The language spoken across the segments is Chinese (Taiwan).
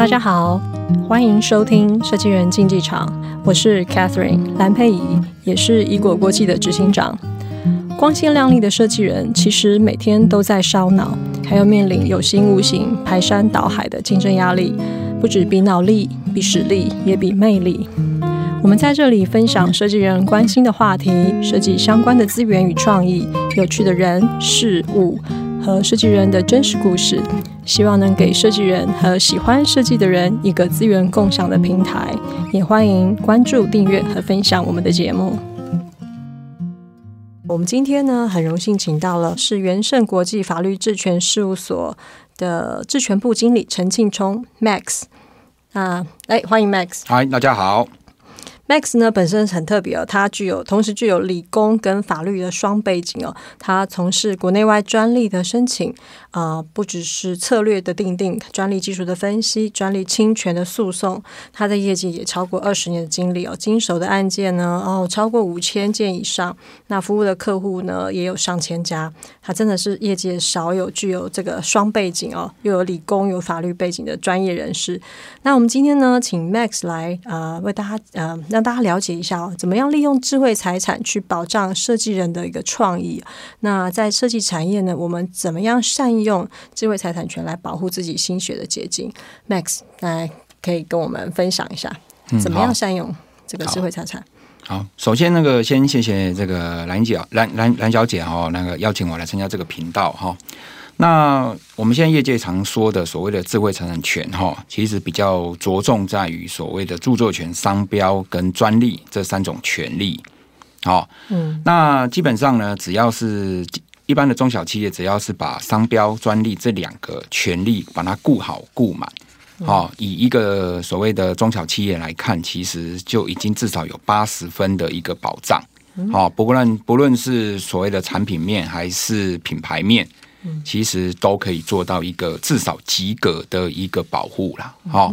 大家好，歡迎收聽《設計人競技場》。我是 Catherine 藍佩怡，也是儀菓國際的執行長。光鮮亮麗的設計人，其實每天都在燒腦，還要面臨有形無形、排山倒海的競爭壓力，不止比腦力、比實力，也比魅力。我們在這裡分享設計人關心的話題，設計相關的資源與創意，有趣的人事物。和設計人的真實故事，希望能給設計人和喜歡設計的人一個資源共享的平台，也歡迎關注、訂閱和分享我們的節目。我們今天呢，很榮幸請到了是元勝國際法律智權事務所的智權部經理陳慶璁 Max 啊，哎，歡迎 Max。嗨，大家好。Max 呢，本身很特別哦，他具有同時具有理工跟法律的雙背景哦。他從事國內外專利的申請啊、呃，不只是策略的訂定，專利技術的分析，專利侵權的訴訟。他的業績也超過二十年的經歷哦，經手的案件呢哦超過五千件以上。那服務的客戶呢也有上千家。他真的是業界少有具有這個雙背景哦，又有理工有法律背景的專業人士。那我們今天呢，請 Max 來啊、呃、為大家呃讓大家了解一下哦，怎麼樣利用智慧財產去保障設計人的一個創意？那在設計產業呢，我們怎麼樣善用智慧財產權,權來保護自己心血的結晶？Max，來可以跟我們分享一下，怎麼樣善用這個智慧財產？嗯、好,好,好,好，首先那個先謝謝這個藍姐，藍藍藍小姐哦，那個邀請我來參加這個頻道哈、哦。那我們現在業界常說的所謂的智慧財產權，哈，其實比較着重在於所謂的著作權、商標跟專利這三種權利，好，嗯，那基本上呢，只要是一般的中小企業，只要是把商標、專利這兩個權利把它顧好、顧滿，好，以一個所謂的中小企業來看，其實就已經至少有八十分的一個保障，好，不論不論是所謂的產品面還是品牌面。其實都可以做到一個至少及格的一個保護啦。好。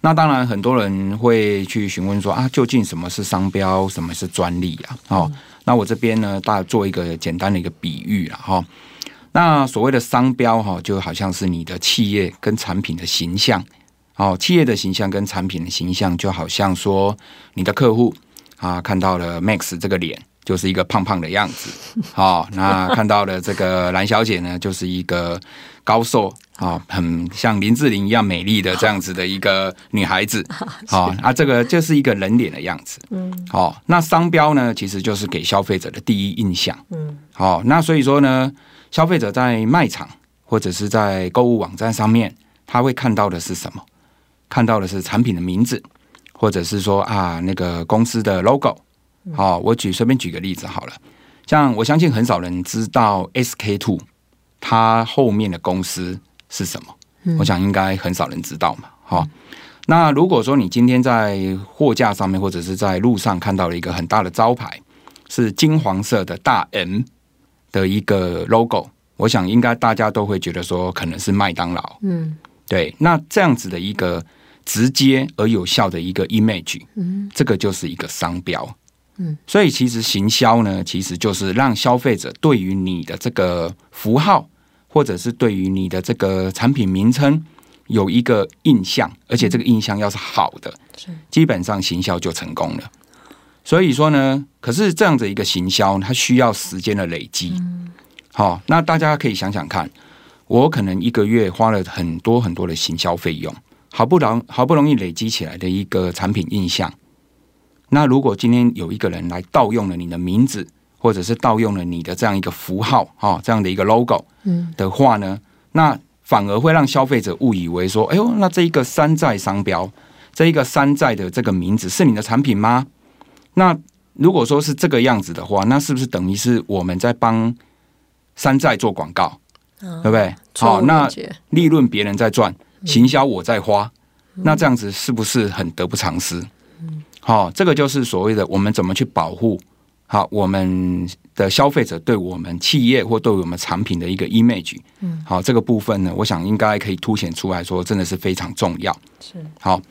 那當然，很多人會去詢問說啊，究竟什麼是商標，什麼是專利啊？好，那我這邊呢，大家做一個簡單的一個比喻了，哈。那所謂的商標，哈，就好像是你的企業跟產品的形象，哦，企業的形象跟產品的形象，就好像說你的客戶啊看到了 Max 這個臉。就是一個胖胖的樣子，好、哦，那看到了這個藍小姐呢，就是一個高瘦啊、哦，很像林志玲一樣美麗的這樣子的一個女孩子，好、哦、啊，那這個就是一個人臉的樣子，嗯，好，那商標呢，其實就是給消費者的第一印象，嗯，好，那所以說呢，消費者在賣場或者是在購物網站上面，他會看到的是什麼？看到的是產品的名字，或者是說啊，那個公司的 logo。好、哦，我舉隨便舉個例子好了。像我相信很少人知道 SK Two，它後面的公司是什麼、嗯？我想應該很少人知道嘛、哦。那如果說你今天在貨架上面或者是在路上看到了一個很大的招牌，是金黃色的大 M 的一個 logo，我想應該大家都會覺得說可能是麥當勞。嗯，對。那這樣子的一個直接而有效的一個 image，嗯，這個就是一個商標。所以其實行銷呢，其實就是讓消費者對於你的這個符號，或者是對於你的這個產品名稱有一個印象，而且這個印象要是好的，基本上行銷就成功了。所以說呢，可是這樣子一個行銷，它需要時間的累積。好、嗯哦，那大家可以想想看，我可能一個月花了很多很多的行銷費用，好不容好不容易累積起來的一個產品印象。那如果今天有一個人來盜用了你的名字，或者是盜用了你的這樣一個符號哈、哦、這樣的一個 logo 的話呢、嗯，那反而會讓消費者誤以為說，哎呦，那這一個山寨商標，這一個山寨的這個名字是你的產品嗎？那如果說是這個樣子的話，那是不是等於是我們在幫山寨做廣告，哦、對不對？好、哦，那利潤別人在賺，嗯、行銷我在花、嗯，那這樣子是不是很得不償失？好、哦，這個就是所謂的我們怎麼去保護好、哦、我們的消費者對我們企業或對我們產品的一個 image。嗯，好，這個部分呢，我想應該可以凸顯出來說，真的是非常重要。是好、哦，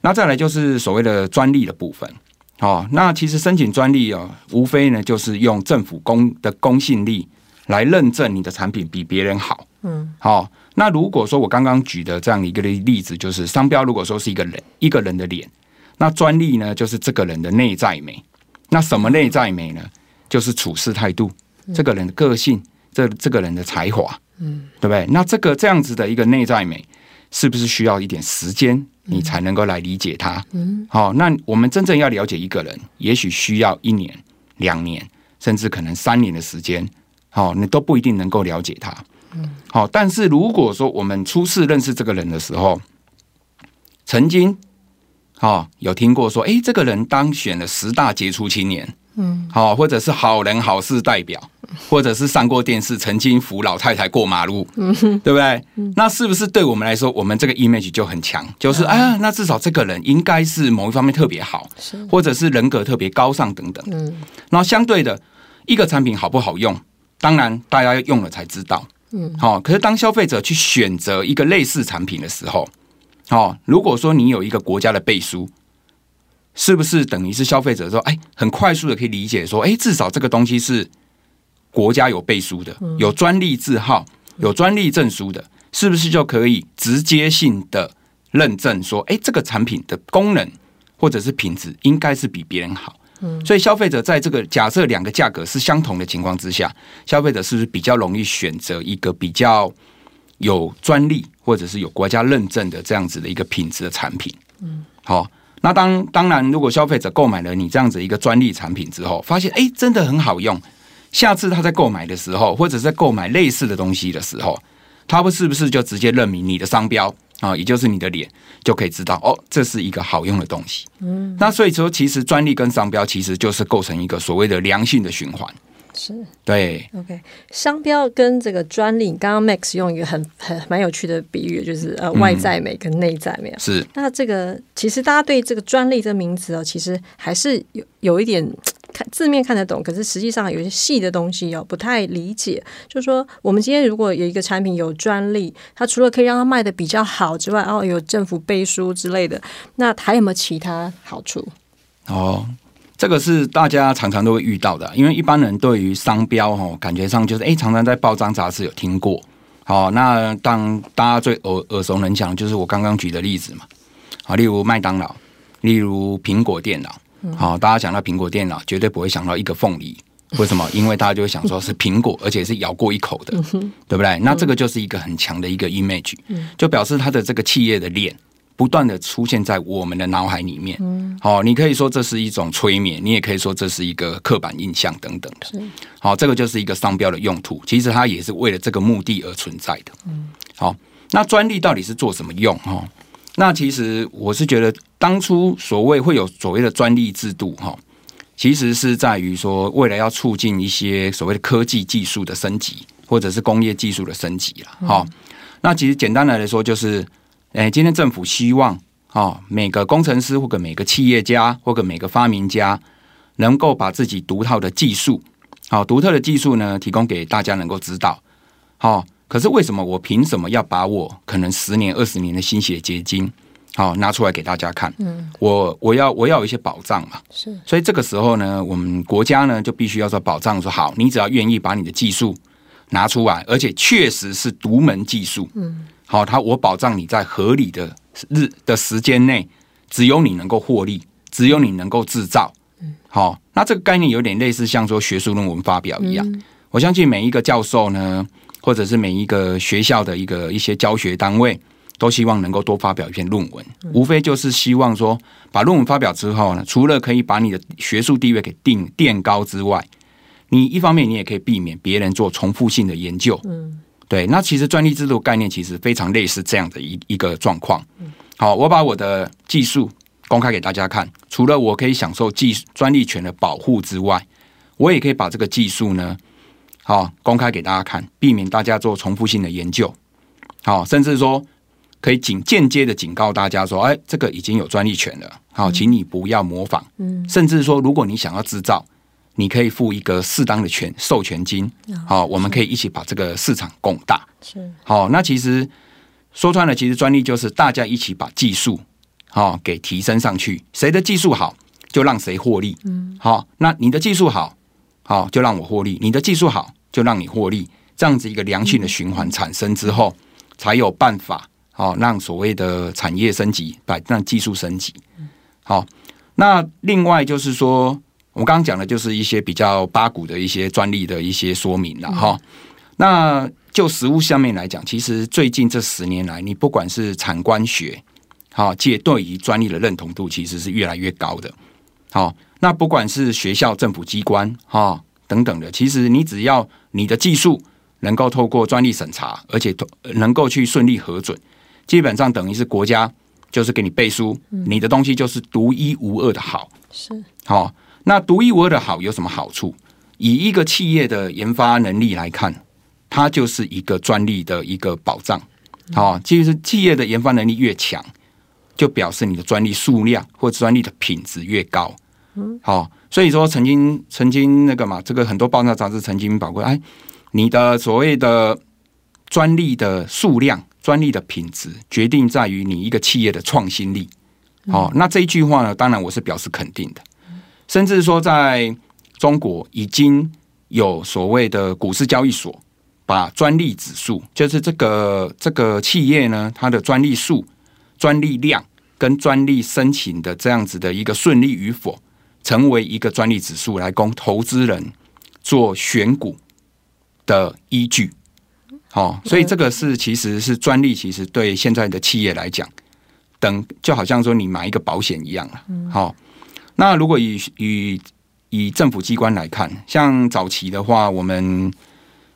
那再來就是所謂的專利的部分。好、哦，那其實申請專利哦、啊，無非呢就是用政府公的公信力來認證你的產品比別人好。嗯，好、哦，那如果說我剛剛舉的這樣一個例子，就是商標，如果說是一個人一個人的臉。那專利呢，就是這個人的內在美。那什麼內在美呢？就是處事態度，這個人的個性，這個、這個人的才華，嗯，對不對？那這個這樣子的一個內在美，是不是需要一點時間，你才能夠來理解他？嗯，好、哦。那我們真正要了解一個人，也許需要一年、兩年，甚至可能三年的時間。好、哦，你都不一定能夠了解他。嗯，好。但是如果說我們初次認識這個人的時候，曾經。哦，有聽過說，哎、欸，這個人當選了十大傑出青年，嗯，好，或者是好人好事代表，或者是上過電視，曾經扶老太太過馬路，嗯、對不對、嗯？那是不是對我們來說，我們這個 image 就很強？就是、嗯、啊，那至少這個人應該是某一方面特別好，是，或者是人格特別高尚等等。嗯，然後相對的，一個產品好不好用，當然大家用了才知道。嗯，好、哦，可是當消費者去選擇一個類似產品的時候。哦，如果說你有一個國家的背書，是不是等於是消費者說，哎，很快速的可以理解說，哎，至少這個東西是國家有背書的，有專利字號，有專利證書的，是不是就可以直接性的認證說，哎，這個產品的功能或者是品質應該是比別人好？嗯，所以消費者在這個假設兩個價格是相同的情況之下，消費者是不是比較容易選擇一個比較？有專利或者是有國家認證的這樣子的一個品質的產品，嗯，好、哦，那當當然，如果消費者購買了你這樣子一個專利產品之後，發現誒、欸、真的很好用，下次他在購買的時候，或者是在購買類似的東西的時候，他是不是就直接認明你的商標啊、哦，也就是你的臉就可以知道哦，這是一個好用的東西，嗯，那所以說，其實專利跟商標其實就是構成一個所謂的良性的循環。是對，OK，商標跟這個專利，剛剛 Max 用一個很很蠻有趣的比喻，就是呃外在美跟內在美。是、嗯，那這個其實大家對這個專利這名詞哦，其實還是有有一點看字面看得懂，可是實際上有些細的東西哦不太理解。就是說我們今天如果有一個產品有專利，它除了可以讓它賣得比較好之外，哦有政府背書之類的，那還有沒有其他好處？哦。這個是大家常常都會遇到的，因為一般人對於商標、哦、感覺上就是哎，常常在報章雜誌有聽過。好、哦，那當大家最耳耳熟能詳，就是我剛剛舉的例子嘛。好、哦，例如麥當勞，例如蘋果電腦。好、哦，大家想到蘋果電腦，絕對不會想到一個鳳梨，為什麼？因為大家就會想說是蘋果， 而且是咬過一口的，對不對？那這個就是一個很強的一個 image，就表示它的這個企業的鏈不斷的出現在我們的腦海裡面，好、嗯，你可以說這是一種催眠，你也可以說這是一個刻板印象等等的，好，這個就是一個商標的用途，其實它也是為了這個目的而存在的，嗯，好，那專利到底是做什麼用？哈，那其實我是覺得，當初所謂會有所謂的專利制度，哈，其實是在於說為了要促進一些所謂的科技技術的升級，或者是工業技術的升級了，哈、嗯，那其實簡單來說就是。哎，今天政府希望哦，每個工程師或者每個企業家或者每個發明家，能夠把自己獨套的技術，好、哦、獨特的技術呢，提供給大家能夠知道。好、哦，可是為什麼我憑什麼要把我可能十年二十年的心血結晶，好、哦、拿出來給大家看？嗯，我我要我要有一些保障嘛。是，所以這個時候呢，我們國家呢就必須要說保障說，說好，你只要願意把你的技術拿出來，而且確實是獨門技術。嗯。好，它，我保障你在合理的日的時間內，只有你能夠獲利，只有你能夠製造。好、嗯哦，那這個概念有點類似，像說學術論文發表一樣、嗯。我相信每一個教授呢，或者是每一個學校的一個一些教學單位，都希望能夠多發表一篇論文、嗯。無非就是希望說，把論文發表之後呢，除了可以把你的學術地位給定墊高之外，你一方面你也可以避免別人做重複性的研究。嗯。對，那其實專利制度概念其實非常類似這樣的一一個狀況。好，我把我的技術公開給大家看，除了我可以享受技專利權的保護之外，我也可以把這個技術呢，好，公開給大家看，避免大家做重複性的研究。好，甚至說可以警間接的警告大家說，哎，這個已經有專利權了，好，請你不要模仿。嗯，甚至說，如果你想要制造。你可以付一個適當的權授權金，好、oh, 哦，我們可以一起把這個市場供大。是，好、哦，那其實說穿了，其實專利就是大家一起把技術，好、哦，給提升上去。誰的技術好，就讓誰獲利。嗯，好、哦，那你的技術好，好、哦，就讓我獲利；你的技術好，就讓你獲利。這樣子一個良性的循環產生之後、嗯，才有辦法，好、哦，讓所謂的產業升級，把讓技術升級。好、嗯哦，那另外就是說。我們剛剛講的就是一些比較八股的一些專利的一些說明了哈。那就實務上面來講，其實最近這十年來，你不管是產官學哈，界對於專利的認同度其實是越來越高的。好，那不管是學校、政府機關哈，等等的，其實你只要你的技術能夠透過專利審查，而且能夠去順利核准，基本上等於是國家就是給你背書，你的東西就是獨一無二的好是好。那獨一無二的好有什麼好處？以一個企業的研發能力來看，它就是一個專利的一個保障，哦，就是企業的研發能力越強，就表示你的專利數量或專利的品質越高。好、哦，所以說曾經曾經那個嘛，這個很多報導雜誌曾經報過，哎，你的所謂的專利的數量、專利的品質，決定在於你一個企業的創新力。哦，那這一句話呢，當然我是表示肯定的。甚至說，在中國已經有所謂的股市交易所，把專利指數，就是這個這個企業呢，它的專利數、專利量跟專利申請的這樣子的一個順利與否，成為一個專利指數來供投資人做選股的依據。哦，所以這個是其實是專利，其實對現在的企業來講，等就好像說你買一個保險一樣了。好，哦。那如果以以以政府機關來看，像早期的話，我們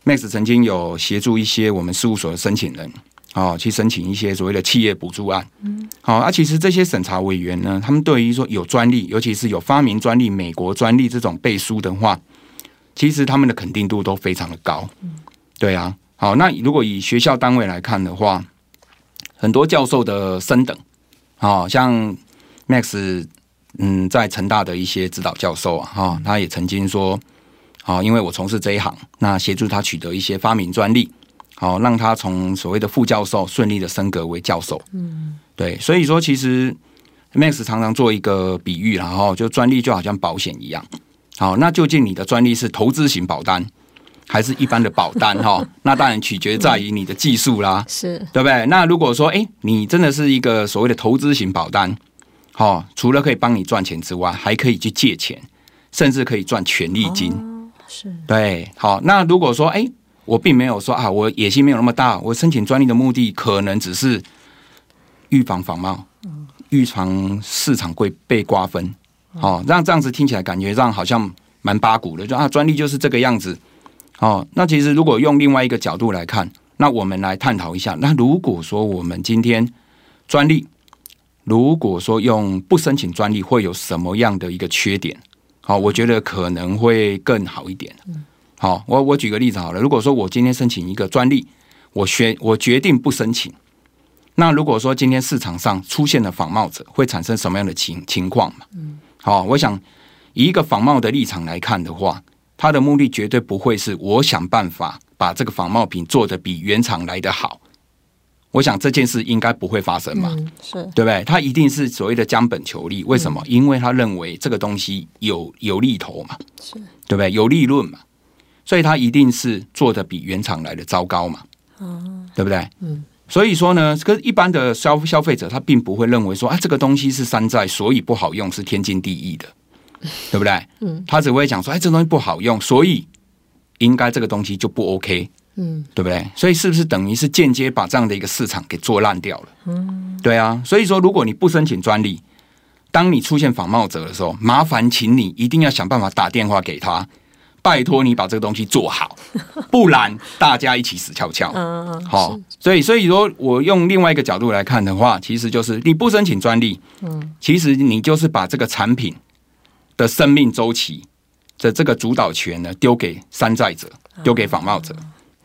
Max 曾經有協助一些我們事務所的申請人哦，去申請一些所謂的企業補助案。嗯，好，那、啊、其實這些審查委員呢，他們對於說有專利，尤其是有發明專利、美國專利這種背書的話，其實他們的肯定度都非常的高。嗯，對啊。好，那如果以學校單位來看的話，很多教授的升等啊、哦，像 Max。嗯，在成大的一些指導教授啊，哈、哦，他也曾經說，啊、哦，因為我從事這一行，那協助他取得一些發明專利，好、哦，讓他從所謂的副教授順利的升格為教授。嗯，對，所以說其實 Max 常常做一個比喻啦，然、哦、後就專利就好像保險一樣，好、哦，那究竟你的專利是投資型保單還是一般的保單？哈、 哦，那當然取決在於你的技術啦，是、嗯、對不對？那如果說，哎、欸，你真的是一個所謂的投資型保單。好、哦，除了可以幫你賺錢之外，還可以去借錢，甚至可以賺權利金、哦。是，對，好、哦。那如果說，哎、欸，我並沒有說啊，我野心沒有那麼大，我申請專利的目的可能只是預防仿冒，預、嗯、預防市場會被瓜分。嗯、哦，那這樣子聽起來感覺上好像蠻八股的，就啊，專利就是這個樣子。哦，那其實如果用另外一個角度來看，那我們來探討一下。那如果說我們今天專利，如果說用不申請專利會有什麼樣的一個缺點？好，我覺得可能會更好一點。嗯，好，我我舉個例子好了。如果說我今天申請一個專利，我決我決定不申請，那如果說今天市場上出現了仿冒者，會產生什麼樣的情情況嘛？嗯，好，我想以一個仿冒的立場來看的話，他的目的絕對不會是我想辦法把這個仿冒品做得比原廠來得好。我想這件事應該不會發生嘛，嗯、是對不對？他一定是所謂的將本求利，為什麼、嗯？因為他認為這個東西有有利頭嘛，對不對？有利潤嘛，所以他一定是做的比原廠來的糟糕嘛、哦，對不對？嗯，所以說呢，可是一般的消消費者他並不會認為說啊這個東西是山寨，所以不好用是天經地義的，對不對？嗯，他只會講說，哎，這東西不好用，所以應該這個東西就不 OK。嗯，對不對？所以是不是等於是間接把這樣的一個市場給做爛掉了？嗯，對啊。所以說，如果你不申請專利，當你出現仿冒者的時候，麻煩請你一定要想辦法打電話給他，拜托你把這個東西做好，不然大家一起死翹翹。嗯嗯嗯。好，所以所以說我用另外一個角度來看的話，其實就是你不申請專利，嗯，其實你就是把這個產品的生命週期的這個主導權呢丟給山寨者，丟給仿冒者。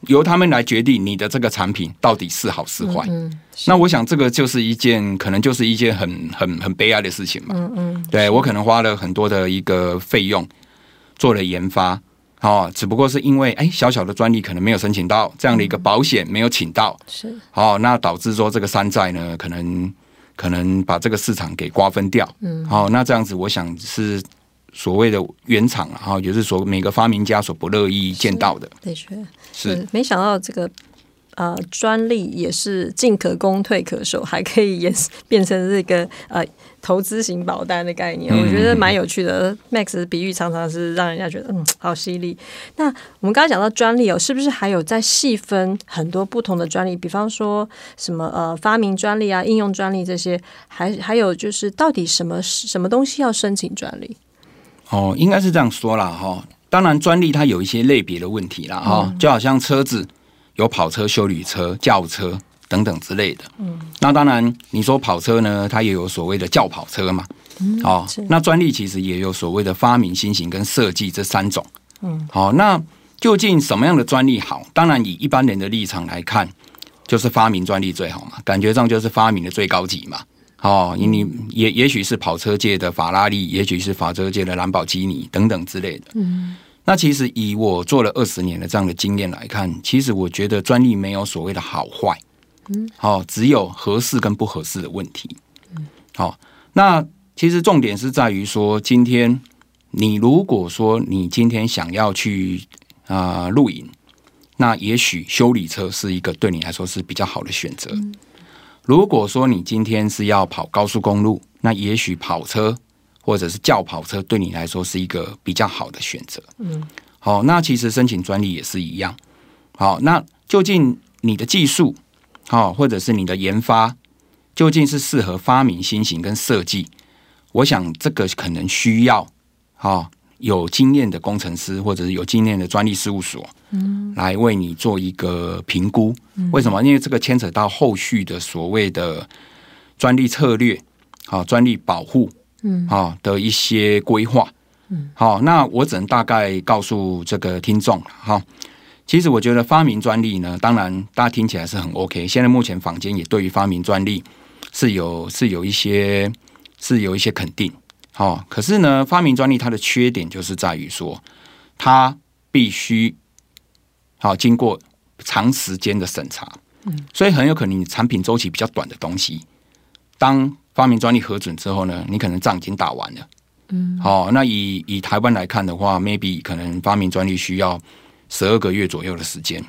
由他們來決定你的這個產品到底是好是壞。嗯，嗯，那我想這個就是一件可能就是一件很很很悲哀的事情嘛。嗯嗯，對，我可能花了很多的一個費用做了研發，哦，只不過是因為哎小小的專利可能沒有申請到，這樣的一個保險沒有請到，是、嗯、哦，那導致說這個山寨呢可能可能把這個市場給瓜分掉。嗯，好、哦，那這樣子我想是所謂的原廠啊，哈、哦，就是說每個發明家所不樂意見到的。的確。是，沒想到這個，呃，專利也是進可攻退可守，還可以也是變成這個呃投資型保單的概念，嗯、我覺得蠻有趣的。嗯、Max 的比喻常常是讓人家覺得嗯，好犀利。那我們剛剛講到專利哦，是不是還有再細分很多不同的專利？比方說什麼呃發明專利啊、應用專利這些，還還有就是到底什麼什麼東西要申請專利？哦，應該是這樣說啦。哈、哦。當然，專利它有一些類別的問題啦。哈、嗯，就好像車子有跑車、休旅車、轎車等等之類的。嗯，那當然，你說跑車呢，它也有所謂的轎跑車嘛、嗯。哦，那專利其實也有所謂的發明、新型跟設計這三種。嗯，好、哦，那究竟什麼樣的專利好？當然，以一般人的立場來看，就是發明專利最好嘛，感覺上就是發明的最高級嘛。哦，你也也許是跑車界的法拉利，也許是法車界的蘭博基尼等等之類的。嗯，那其實以我做了二十年的這樣的經驗來看，其實我覺得專利沒有所謂的好壞，嗯，哦，只有合適跟不合適的問題。嗯、好、哦，那其實重點是在於說，今天你如果說你今天想要去啊、呃、露營，那也許休旅車是一個對你來說是比較好的選擇。嗯如果說你今天是要跑高速公路，那也許跑車或者是轎跑車對你來說是一個比較好的選擇。嗯，好，那其實申請專利也是一樣。好，那究竟你的技術，好，或者是你的研發，究竟是適合發明新型跟設計？我想這個可能需要，好。有經驗的工程師，或者是有經驗的專利事務所，嗯，來為你做一個評估。為什麼？因為這個牽扯到後續的所謂的專利策略，好，專利保護，嗯，好的一些規劃。嗯，好，那我只能大概告訴這個聽眾，哈，其實我覺得發明專利呢，當然大家聽起來是很 OK。現在目前坊間也對於發明專利是有是有一些是有一些肯定。哦，可是呢，發明專利它的缺點就是在於說，它必須好、哦、經過長時間的審查，嗯，所以很有可能你產品周期比較短的東西，當發明專利核准之後呢，你可能仗已經打完了，嗯，哦，那以以台灣來看的話，maybe 可能發明專利需要十二個月左右的時間、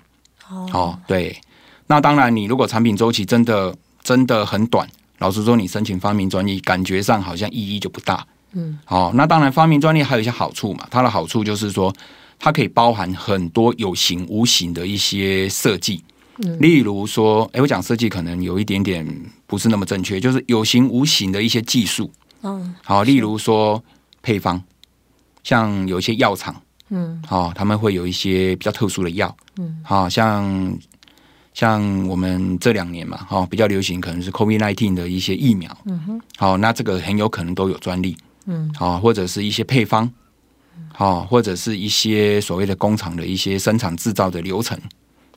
哦，哦，對，那當然你如果產品周期真的真的很短，老實說，你申請發明專利感覺上好像意義就不大。嗯，好，那當然，發明專利還有一些好處嘛。它的好處就是說，它可以包含很多有形無形的一些設計。例如說，哎、欸，我講設計可能有一點點不是那麼正確，就是有形無形的一些技術。嗯，好，例如說配方，像有一些藥廠，嗯，好，他們會有一些比較特殊的藥。嗯，好、哦，像像我們這兩年嘛，哈、哦，比較流行可能是 COVID nineteen 的一些疫苗。嗯哼，好、哦，那這個很有可能都有專利。嗯，好，或者是一些配方，好，或者是一些所謂的工廠的一些生產製造的流程，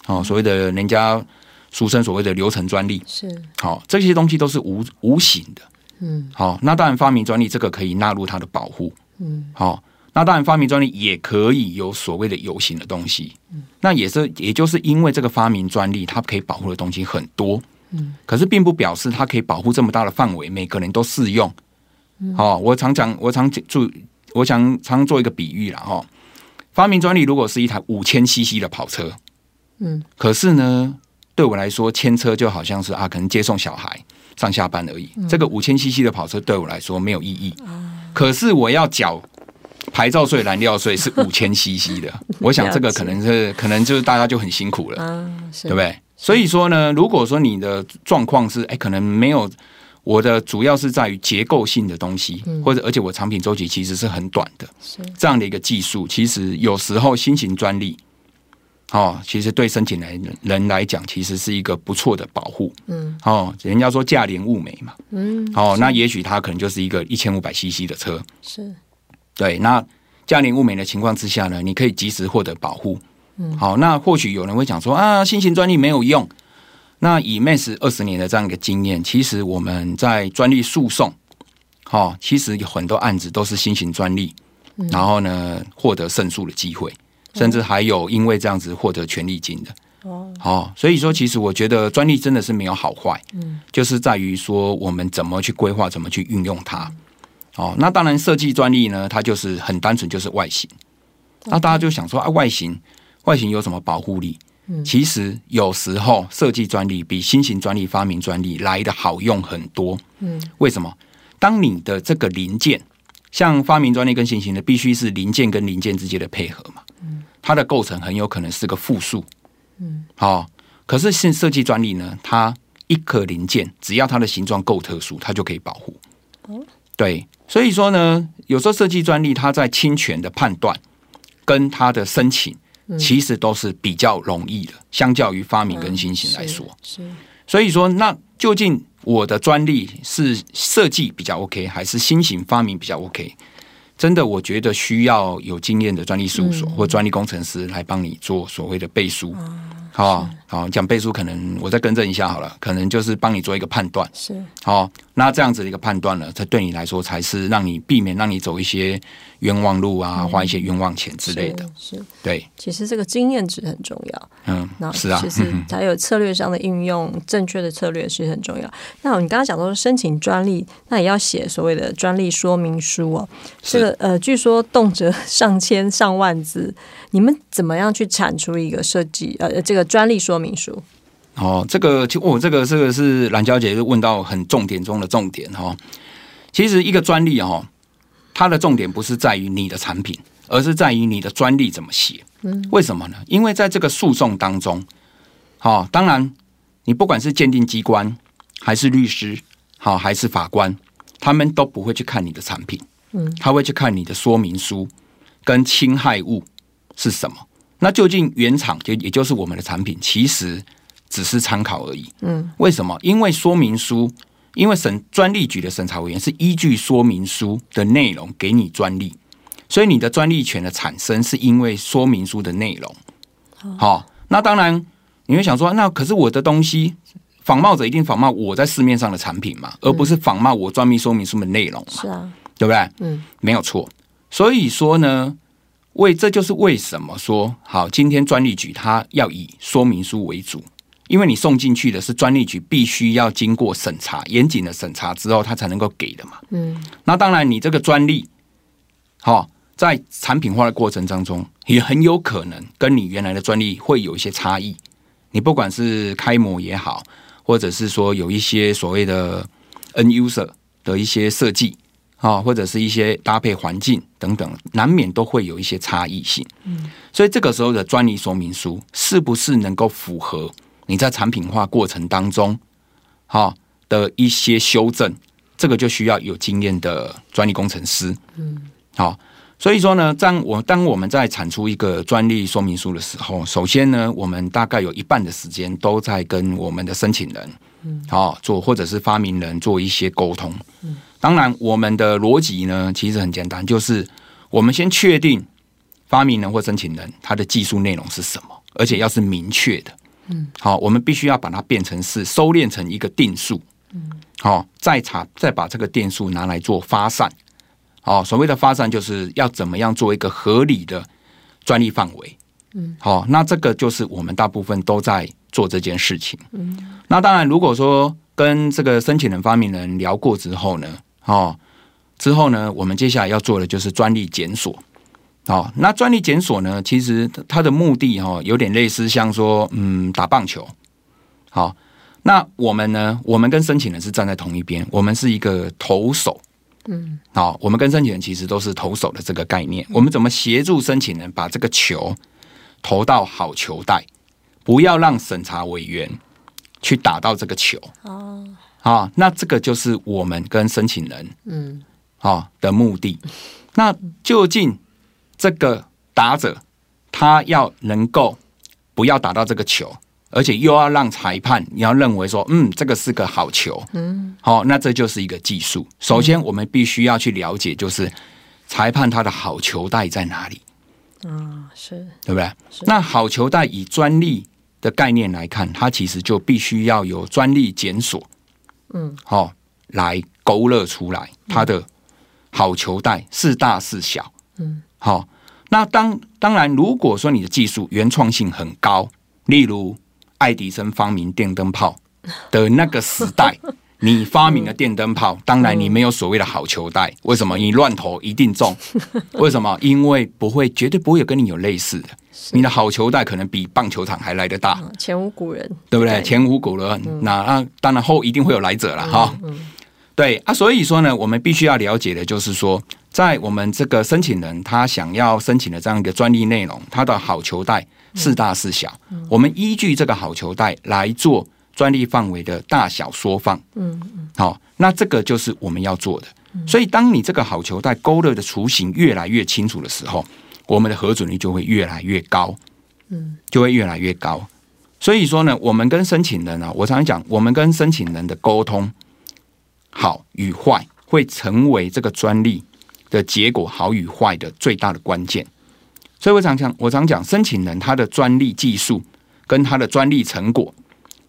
哦、嗯，所謂的人家俗稱所謂的流程專利是好，這些東西都是無無形的，嗯，好、嗯，那當然發明專利這個可以納入它的保護，嗯，好，那當然發明專利也可以有所謂的有形的東西，嗯，那也是，也就是因為這個發明專利它可以保護的東西很多，嗯，可是並不表示它可以保護這麼大的範圍，每個人都適用。哦，我常講，我常，我常做，我想常，常做一個比喻啦。哈、哦。發明專利如果是一台五千 CC 的跑車，嗯，可是呢，對我來說，牽車就好像是啊，可能接送小孩上下班而已。嗯，這個五千 CC 的跑車對我來說沒有意義，嗯，可是我要繳牌照稅、燃料稅是五千 CC 的， 我想這個可能是可能就是大家就很辛苦了，啊，對不對？所以說呢，如果說你的狀況是哎，可能沒有。我的主要是在於結構性的東西，嗯，或者而且我產品週期其實是很短的，是，這樣的一個技術，其實有時候新型專利，哦，其實對申請人來講，其實是一個不錯的保護。嗯，哦，人家說價廉物美嘛，嗯，哦，那也許它可能就是一個一千五百 CC 的車，是，對，那價廉物美的情況之下呢，你可以及時獲得保護。嗯，好，哦，那或許有人會講說啊，新型專利沒有用。那以 Max 二十年的這樣一個經驗，其實我們在專利訴訟，哦，其實有很多案子都是新型專利，嗯、然後呢，獲得勝訴的機會、嗯，甚至還有因為這樣子獲得權利金的哦，哦。所以說，其實我覺得專利真的是沒有好壞、嗯，就是在於說我們怎麼去規劃，怎麼去運用它、嗯。哦，那當然設計專利呢，它就是很單純就是外形，嗯、那大家就想說啊，外形，外形有什麼保護力？其實有時候設計專利比新型專利、發明專利來的好用很多。嗯，為什麼？當你的這個零件像發明專利跟新型的，必須是零件跟零件之間的配合嘛。它的構成很有可能是個複數。嗯，好，可是是設計專利呢？它一顆零件只要它的形狀夠特殊，它就可以保護。對，所以說呢，有時候設計專利它在侵權的判斷跟它的申請。其實都是比較容易的，相較於發明跟新型來說，嗯是。是，所以說，那究竟我的專利是設計比較 OK，還是新型發明比較 OK？真的，我覺得需要有經驗的專利事務所、嗯、或專利工程師來幫你做所謂的背書。嗯、好，好，講背書，可能我再更正一下好了，可能就是幫你做一個判斷。是，好，那這樣子的一個判斷呢，才對你來說才是讓你避免讓你走一些。冤枉路啊，花一些冤枉錢之類的、嗯、的，是，對。其實這個經驗值很重要，嗯，是啊，其實它有策略上的運用、嗯，正確的策略是很重要。那我們剛剛講到申請專利，那也要寫所謂的專利說明書哦。這個呃，據說動輒上千上萬字，你們怎麼樣去產出一個設計？呃，這個專利說明書。哦，這個就哦，這個這個是藍小姐就問到很重點中的重點哦。其實一個專利哦。它的重點不是在於你的產品，而是在於你的專利怎麼寫。嗯，為什麼呢？因為在這個訴訟當中，好、哦，當然你不管是鑑定機關，還是律師，好、哦，還是法官，他們都不會去看你的產品。嗯，他會去看你的說明書跟侵害物是什麼。那究竟原廠就也就是我們的產品，其實只是參考而已。嗯，為什麼？因為說明書。因為審專利局的審查委員是依據說明書的內容給你專利，所以你的專利權的產生是因為說明書的內容。好、哦，那當然你會想說，那可是我的東西仿冒者一定仿冒我在市面上的產品嘛，而不是仿冒我專利說明書的內容嘛？是、嗯、對不對？嗯，沒有錯。所以說呢，為這就是為什麼說好，今天專利局它要以說明書為主。因為你送進去的是專利局必須要經過審查，嚴謹的審查之後，它才能夠給的嘛。嗯。那當然，你這個專利，哦，在產品化的過程當中，也很有可能跟你原來的專利會有一些差異。你不管是開模也好，或者是說有一些所謂的 n user 的一些設計啊，哦，或者是一些搭配環境等等，難免都會有一些差異性。嗯。所以這個時候的專利說明書是不是能夠符合？你在產品化過程當中，好的一些修正，這個就需要有經驗的專利工程師。嗯，好，所以說呢，當我當我們在產出一個專利說明書的時候，首先呢，我們大概有一半的時間都在跟我們的申請人，嗯，好做或者是發明人做一些溝通。嗯，當然，我們的邏輯呢，其實很簡單，就是我們先確定發明人或申請人他的技術內容是什麼，而且要是明確的。嗯，好、哦，我們必須要把它變成是收斂成一個定數，嗯，好，再查再把這個定數拿來做發散，哦，所謂的發散就是要怎麼樣做一個合理的專利範圍，嗯，好、哦，那這個就是我們大部分都在做這件事情，嗯，那當然，如果說跟這個申請人發明人聊過之後呢，哦，之後呢，我們接下來要做的就是專利檢索。好、哦，那專利檢索呢？其實它的目的哈、哦，有點類似像說，嗯，打棒球。好、哦，那我們呢？我們跟申請人是站在同一邊，我們是一個投手。嗯，好、哦，我們跟申請人其實都是投手的這個概念。嗯、我們怎麼協助申請人把這個球投到好球帶，不要讓審查委員去打到這個球？哦，好、哦，那這個就是我們跟申請人，嗯，啊、哦、的目的。那究竟。這個打者，他要能夠不要打到這個球，而且又要讓裁判你要認為說，嗯，這個是個好球，嗯，好、哦，那這就是一個技術。首先，我們必須要去了解，就是、嗯、裁判他的好球帶在哪裡。啊、哦，是對不對？那好球帶以專利的概念來看，它其實就必須要有專利檢索，嗯，哦，來勾勒出來他的好球帶是大是小，嗯。嗯好、哦，那當當然，如果說你的技術原創性很高，例如愛迪生發明電燈泡的那個時代， 你發明了電燈泡、嗯，當然你沒有所謂的好球帶，為什麼？你亂投一定中， 為什麼？因為不會，絕對不會有跟你有類似的，你的好球帶可能比棒球場還來得大、嗯，前無古人，對不對？前無古人，嗯、那、啊、當然後一定會有來者了哈、哦嗯嗯。對啊，所以說呢，我們必須要了解的就是說。在我們這個申請人，他想要申請的這樣一個專利內容，他的好球帶是大是小。嗯嗯，我們依據這個好球帶來做專利範圍的大小縮放。嗯嗯。好、哦，那這個就是我們要做的。嗯、所以，當你這個好球帶勾勒的雛形越來越清楚的時候，我們的核准率就會越來越高。嗯，就會越來越高。所以說呢，我們跟申請人呢、啊，我常常講，我們跟申請人的溝通好與壞，會成為這個專利的結果好與壞的最大的關鍵，所以我常講，我常講，申請人他的專利技術跟他的專利成果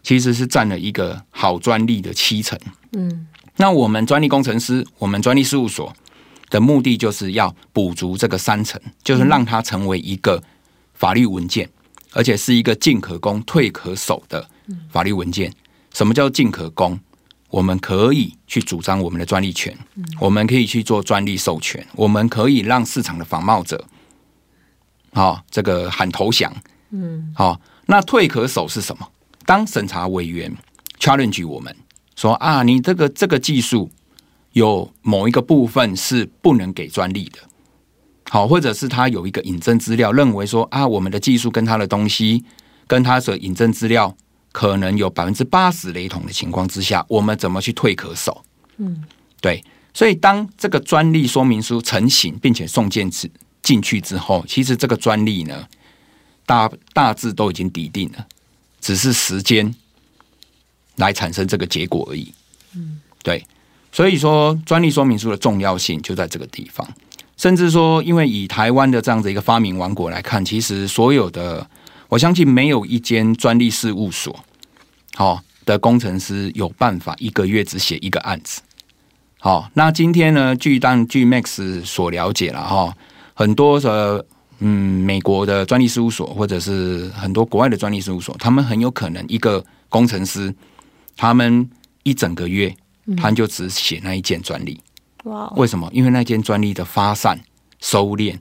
其實是占了一個好專利的七成。嗯，那我們專利工程師，我們專利事務所的目的就是要補足這個三成，就是讓它成為一個法律文件，而且是一個進可攻、退可守的法律文件。什麼叫進可攻？我們可以去主張我們的專利權，嗯，我們可以去做專利授權，我們可以讓市場的仿冒者，好、哦，這個喊投降。嗯，好、哦，那退可守是什麼？當審查委員 challenge 我們說啊，你這個這個技術有某一個部分是不能給專利的，好、哦，或者是他有一個引證資料，認為說啊，我們的技術跟他的東西，跟他的引證資料。可能有百分之八十雷同的情況之下，我們怎麼去退可守？嗯，對。所以當這個專利說明書成型並且送件進去之後，其實這個專利呢，大大致都已經底定了，只是時間來產生這個結果而已。嗯，對。所以說，專利說明書的重要性就在這個地方。甚至說，因為以台灣的這樣子一個發明王國來看，其實所有的。我相信沒有一間專利事務所，好，的工程師有辦法一個月只寫一個案子。好，那今天呢，據當據 Max 所了解了哈，很多的嗯，美國的專利事務所，或者是很多國外的專利事務所，他們很有可能一個工程師，他們一整個月，他就只寫那一件專利。哇、嗯，為什麼？因為那件專利的發散、收斂，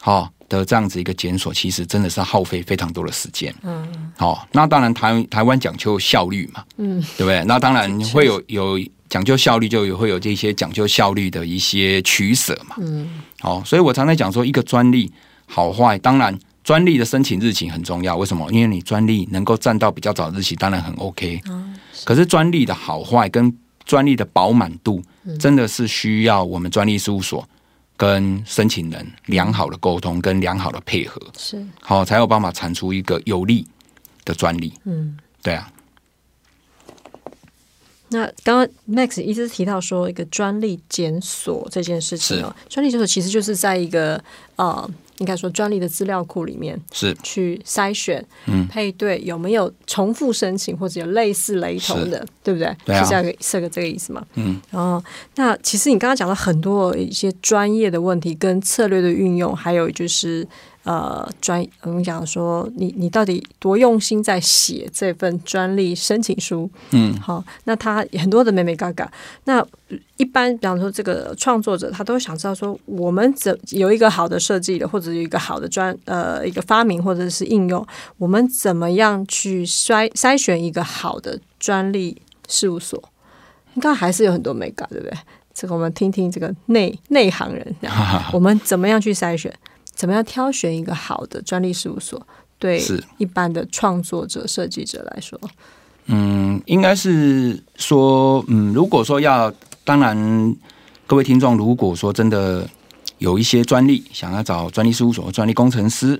好、哦。的這樣子一個檢索，其實真的是耗費非常多的時間。嗯，好、哦，那當然台灣台灣講究效率嘛，嗯，對不對？那當然會有有講究效率就有，就也會有這些講究效率的一些取舍嘛。嗯，好、哦，所以我常常講說，一個專利好壞，當然專利的申請日期很重要。為什麼？因為你專利能夠占到比較早的日期，當然很 OK。嗯、哦，可是專利的好壞跟專利的飽滿度，真的是需要我們專利事務所。跟申請人良好的溝通，跟良好的配合，是好、哦、才有辦法產出一個有利的專利。嗯，對啊。那剛剛 Max 一直提到說，一個專利檢索這件事情、哦、是專利檢索其實就是在一個呃。應該說，專利的資料庫裡面是去篩選、嗯、配對有沒有重複申請或者有類似雷同的，對不對？是這、啊、個、是個、這個意思嘛？嗯，然、哦、後那其實你剛剛講了很多一些專業的問題跟策略的運用，還有就是。呃，專我們講說，你你到底多用心在寫這份專利申請書？嗯，好，那他很多的眉眉角角。那一般比方說，這個創作者他都想知道說，我們怎有一個好的設計的，或者有一個好的專呃一個發明，或者是應用，我們怎麼樣去篩篩選一個好的專利事務所？應該還是有很多眉角，對不對？這個我們聽聽這個內內行人這樣，我們怎麼樣去篩選？ 怎麼樣挑選一個好的專利事務所？對一般的創作者、設計者來說，嗯，應該是說，嗯，如果說要，當然，各位聽眾，如果說真的有一些專利想要找專利事務所、專利工程師，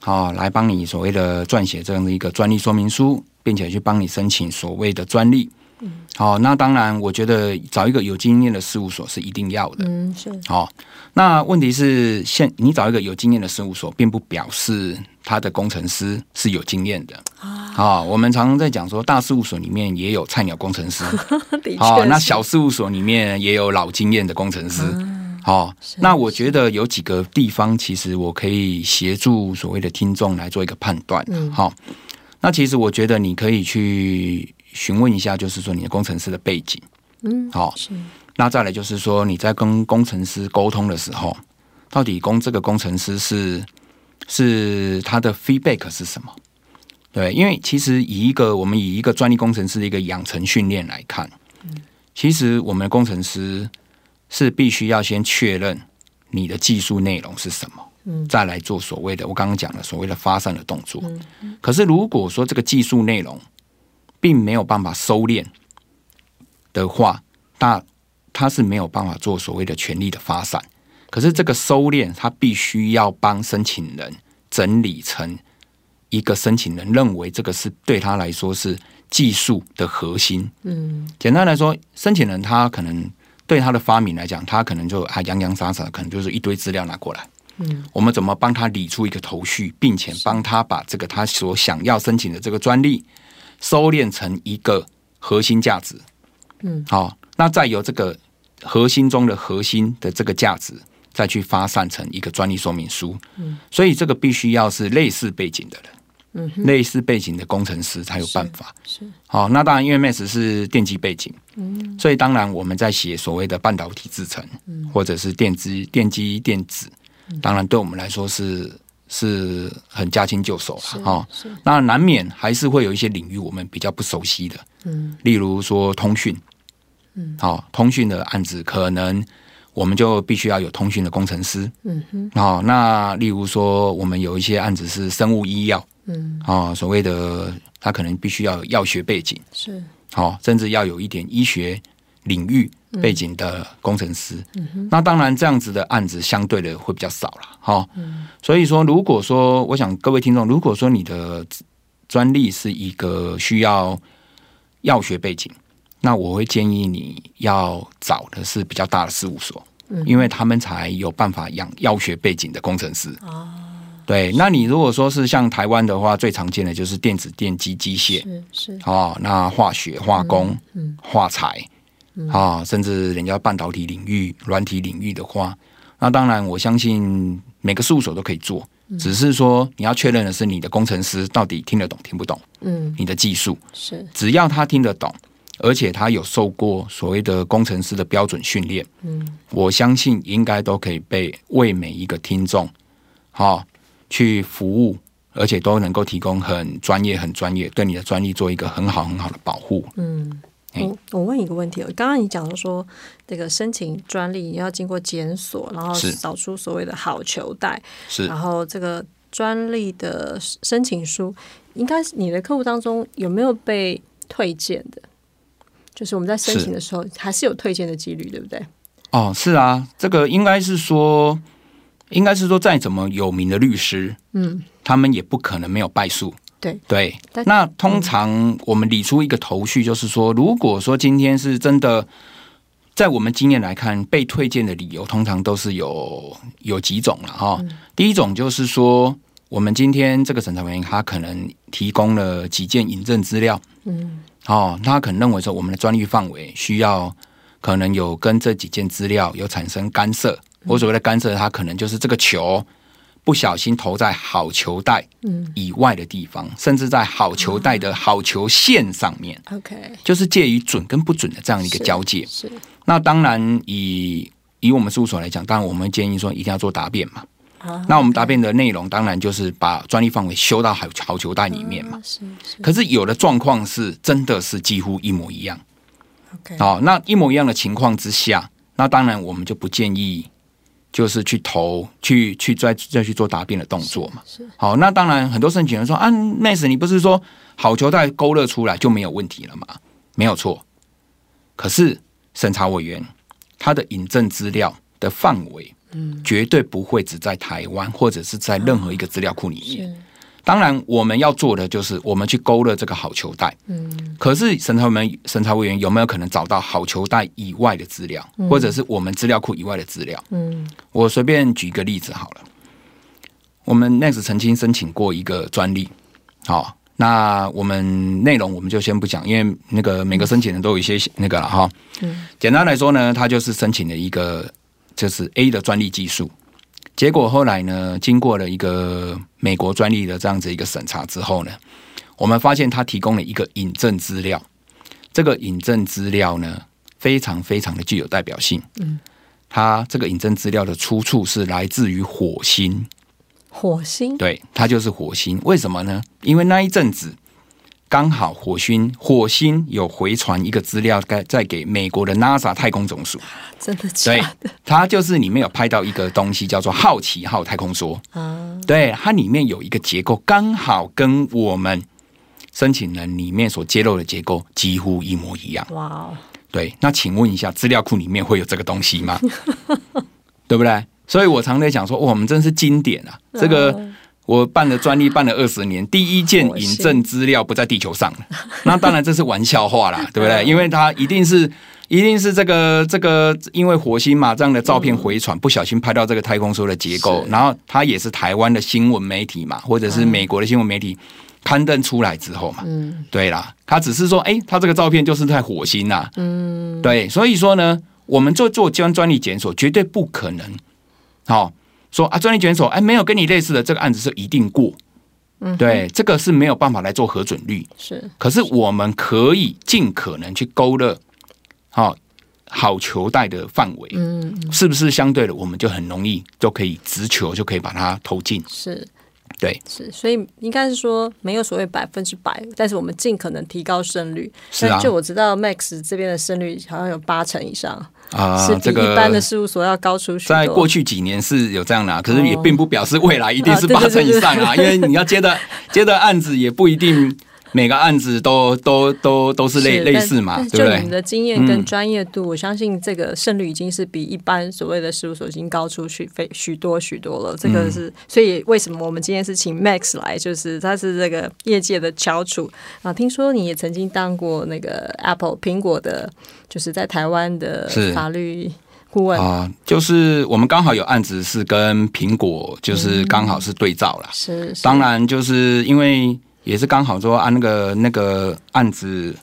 好、哦、來幫你所謂的撰寫這樣的一個專利說明書，並且去幫你申請所謂的專利。好、哦，那當然，我覺得找一個有經驗的事務所是一定要的。嗯，是。好、哦，那問題是，現你找一個有經驗的事務所，並不表示他的工程師是有經驗的啊、哦。我們常常在講說，大事務所裡面也有菜鳥工程師。啊、哦，那小事務所裡面也有老經驗的工程師。好、啊哦哦，那我覺得有幾個地方，其實我可以協助所謂的聽眾來做一個判斷。嗯，好、哦。那其實我覺得你可以去。詢問一下，就是說你的工程師的背景，嗯，好，那再來就是說你在跟工程師溝通的時候，到底工這個工程師是是他的 feedback 是什麼？對，因為其實以一個我們以一個專利工程師的一個養成訓練來看，嗯，其實我們的工程師是必須要先確認你的技術內容是什麼，嗯，再來做所謂的我剛剛講的所謂的發散的動作。嗯，嗯可是如果說這個技術內容，並沒有辦法收斂的話，那他是沒有辦法做所謂的權利的發散。可是這個收斂，他必須要幫申請人整理成一個申請人認為這個是對他來說是技術的核心。嗯，簡單來說，申請人他可能對他的發明來講，他可能就還洋洋灑灑，可能就是一堆資料拿過來。嗯，我們怎麼幫他理出一個頭緒，並且幫他把這個他所想要申請的這個專利，收斂成一個核心價值，嗯，好、哦，那再由這個核心中的核心的這個價值再去發散成一個專利說明書，嗯，所以這個必須要是類似背景的人，嗯，類似背景的工程師才有辦法，是。好、哦，那當然因為 Max 是電機背景，嗯，所以當然我們在寫所謂的半導體製程，嗯，或者是電機、電機電子，當然對我們來說是。是很駕輕就熟了、哦、那難免還是會有一些領域我們比較不熟悉的，嗯、例如說通訊，嗯，好、哦，通訊的案子可能我們就必須要有通訊的工程師，嗯哼、哦，那例如說我們有一些案子是生物醫藥，嗯，哦、所謂的他可能必須要有藥學背景，是，好、哦，甚至要有一點醫學領域。背景的工程師、嗯嗯，那當然這樣子的案子相對的會比較少了，哈、嗯。所以說，如果說我想各位聽眾，如果說你的專利是一個需要藥學背景，那我會建議你要找的是比較大的事務所，嗯、因為他們才有辦法養藥學背景的工程師。啊、對，那你如果說是像台灣的話，最常見的就是電子、電機、機械，是是，那化學、化工、嗯、化材。啊、哦，甚至人家半導體領域、軟體領域的話，那當然我相信每個事務所都可以做，只是說你要確認的是你的工程師到底聽得懂聽不懂。嗯，你的技術是，只要他聽得懂，而且他有受過所謂的工程師的標準訓練，嗯，我相信應該都可以被為每一個聽眾好、哦、去服務，而且都能夠提供很專業、很專業對你的專利做一個很好、很好的保護。嗯。我、嗯、我問一個問題哦，剛剛你講的說，這個申請專利要經過檢索，然後找出所謂的好球帶，是，然後這個專利的申請書，應該你的客戶當中有沒有被退件的？就是我們在申請的時候，還是有退件的幾率，對不對？哦，是啊，這個應該是說，應該是說，再怎麼有名的律師，嗯，他們也不可能沒有敗訴。對，對那通常我們理出一個頭緒，就是說、嗯，如果說今天是真的，在我們經驗來看，被退件的理由通常都是有有幾種了哈、哦嗯。第一種就是說，我們今天這個審查員他可能提供了幾件引證資料，嗯，哦，他可能認為說我們的專利範圍需要可能有跟這幾件資料有產生干涉。嗯、我所謂的干涉，他可能就是這個球。不小心投在好球帶以外的地方，嗯、甚至在好球帶的好球線上面、嗯、，OK，就是介於準跟不準的這樣一個交界。是。是那當然以，以以我們事務所來講，當然我們建議說一定要做答辯嘛、啊。那我們答辯的內容，當然就是把專利範圍修到好好球帶裡面嘛、啊。可是有的狀況是真的是幾乎一模一樣。OK。那一模一樣的情況之下，那當然我們就不建議。就是去投，去去再再去做答辯的動作嘛。是，好，那當然，很多申請人說啊，Max 你不是說好球帶勾勒出來就沒有問題了嗎？沒有錯。可是審查委員他的引證資料的範圍，嗯，絕對不會只在台灣，或者是在任何一個資料庫裡面。嗯當然，我們要做的就是我們去勾勒這個好球帶。嗯。可是審查員審查委員有沒有可能找到好球帶以外的資料，嗯，或者是我們資料庫以外的資料？嗯。我隨便舉一個例子好了。我們那次曾經申請過一個專利。好，那我們內容我們就先不講，因為那個每個申請人都有一些那個了哈，嗯。簡單來說呢，他就是申請了一個就是 A 的專利技術。結果後來呢，經過了一個美國專利的這樣子一個審查之後呢，我們發現他提供了一個引證資料，這個引證資料呢非常非常的具有代表性。嗯，他這個引證資料的出處是來自於火星，火星對，他就是火星。為什麼呢？因為那一陣子。剛好火星火星有回傳一個資料，該再給美國的 NASA 太空總署。真的假的？對，它就是裡面有拍到一個東西，叫做好奇號太空梭，啊。對，它裡面有一個結構，剛好跟我們申請人裡面所揭露的結構幾乎一模一樣。哇、wow、哦！對，那請問一下，資料庫裡面會有這個東西嗎？ 對不對？所以我常在講說，我們真是經典啊，這個。啊我辦了專利辦了二十年，第一件引證資料不在地球上了，那當然這是玩笑話啦， 對不對？因為它一定是一定是這個這個，因為火星嘛，這樣的照片回傳不小心拍到這個太空梭的結構、嗯，然後它也是台灣的新聞媒體嘛，或者是美國的新聞媒體刊登出來之後嘛，嗯、對啦，他只是說，哎、欸，他這個照片就是在火星吶、啊，嗯，對，所以說呢，我們就做做將專利檢索絕對不可能，好。說啊，專利卷手，哎，沒有跟你類似的這個案子是一定過、嗯，對，這個是沒有辦法來做核准率，是，可是我們可以盡可能去勾勒，好，好球帶的範圍，嗯，嗯，是不是相對的我們就很容易就可以直球就可以把它投進，是，對，是，所以應該是說沒有所謂百分之百，但是我們盡可能提高勝率，是、啊、就我知道 Max 這邊的勝率好像有八成以上。啊，是比一般的事務所要高出許多，呃，這個，在過去幾年是有這樣的，啊，可是也並不表示未來一定是八成以上啊，因為你要接的 接的案子也不一定。每個案子都都都都是類是類似嘛，就你們的經驗跟專業度，嗯，我相信這個勝率已經是比一般所謂的事務所已經高出許非許多許多了。這個是，嗯，所以為什麼我們今天是請 Max 來，就是他是這個業界的翹楚啊。聽說你也曾經當過那個 Apple 蘋果的，就是在台灣的法律顧問啊，呃。就是我們剛好有案子是跟蘋果，就是剛好是對照了，嗯。是，當然就是因為。也是剛好說啊，那個那個案子，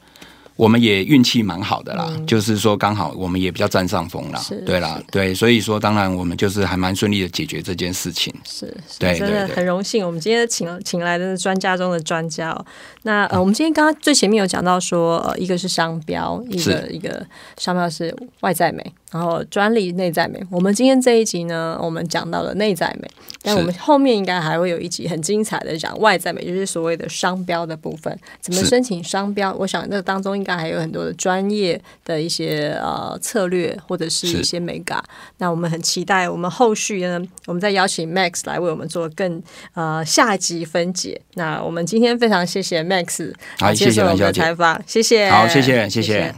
我們也運氣蠻好的啦。嗯、就是說剛好我們也比較占上風啦，是對啦，對，所以說當然我們就是還蠻順利的解決這件事情。是，是，真的很榮幸，對對對，我們今天請請來的是專家中的專家哦、喔。那、嗯、呃，我們今天剛剛最前面有講到說，呃，一個是商標，一個一個商標是外在美。然後專利內在美，我們今天這一集呢，我們講到了內在美，但我們後面應該還會有一集很精彩的講外在美，就是所謂的商標的部分，怎麼申請商標？我想那當中應該還有很多的專業的一些呃策略，或者是一些美感。那我們很期待我們後續呢，我們再邀請 Max 來為我們做更呃下集分解。那我們今天非常謝謝 Max，好，謝謝藍小姐的採訪，謝謝，好，謝謝，謝謝。謝謝。